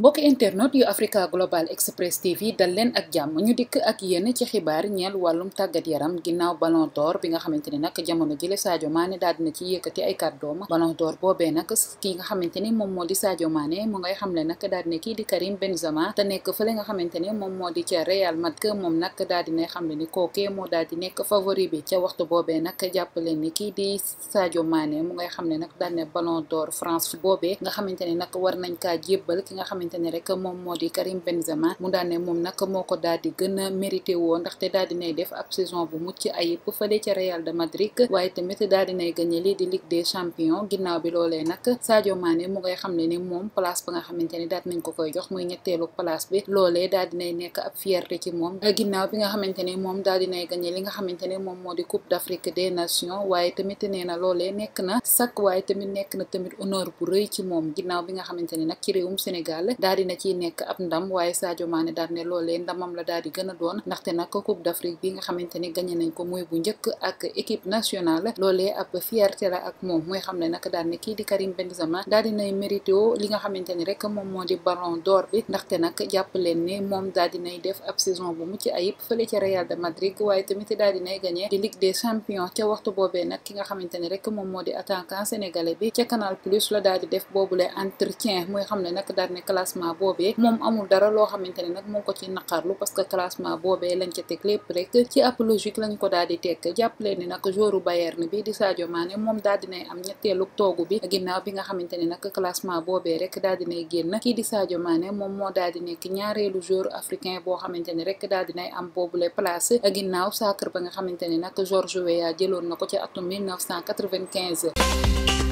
mbokki internet yu africa global express tv dal len ak jàmm ñu dik ak yeen ci xibaar ñeel walum tagat yaram ginnaw ballon d'or bi nga xamanteni nak nag jamono jële Sadio Mané dal dina ci yëkëti ay kàddoom ballon d'or bobé nak ki nga xamanteni mom modi Sadio Mané mo ngay xamle nak dal dina ki di Karim Benzema te nekk fële nga xamanteni mom modi ci Real Madrid moom nag daal dina xamle ni koké mo dal di nek favori bi ci waxtu bobé nak jàpp ni ki di Sadio Mané mo ngay xam nak dal ne ballon d'or France bobé nga xamanteni nak war nañ ka jébal ki nga xamanteni xamante rek moom moo di Karim Benzema mu daan moom nag moo ko daal di gën a mérité woo ndaxte daal di def ab saison bu mucc ayib fële ca Real de Madrid waaye tamit daal dinay nay gagné lii di Ligue des ginnaaw bi loolee nag Sadio Mané mu ngay xam ne ni moom place ba nga xamante ne daal nañ ko koy jox muy ñetteelu place bi loolee daal di nekk ab fierté ci moom ginnaaw bi nga xamante ne moom daal di nay gagné li nga xamante ne moom moo di Coupe d'Afrique des Nations waaye tamit nee na loolee nekk na sax waaye tamit nekk na tamit honneur bu rëy ci moom ginnaaw bi nga xamante ne nag ci réewum Sénégal daal na ci nekk ab ndam waaye Sadio Mané daal ne loolee ndamam la daal di gën a doon ndaxte nag coupe d'Afrique bi nga xamante ni gagné nañ ko muy bu njëkk ak équipe nationale loolee ab fierté la ak moom mooy xam ne nag daal ne kii di Karim Benzema daal dinay mérité li nga xamante ni rek moom moo di ballon d'or bi ndaxte nag jàpp leen ni moom daal dinay def ab saison bu mucc ayib fële ci Real de Madrid waaye tamit daal dinay gagné di Ligue des Champions ca waxtu boobee nag ki nga xamante ni rek moom moo di attaquant sénégalais bi ca Canal Plus la daal di def boobule entretien mooy xam ne nag daal ne classe classement boobee moom amul dara loo xamante ne nag mu ko ci naqarlu parce que classement boobee lañ ca teg lépp rek ci ab logique ko daal di tekk jàppale ni nag joueur Bayern bi di Sadio Mané moom daal dinay am ñetteelu toogu bi ginnaaw bi nga xamante ne nag classement boobee rek daal dinay génn kii di Sadio Mané moom moo daal di nekk ñaareelu joueur africain boo xamante ne rek daal dinay am boobule a ginnaaw sacre ba nga xamante ne nag George Weah jëloon na ko ci atum 1995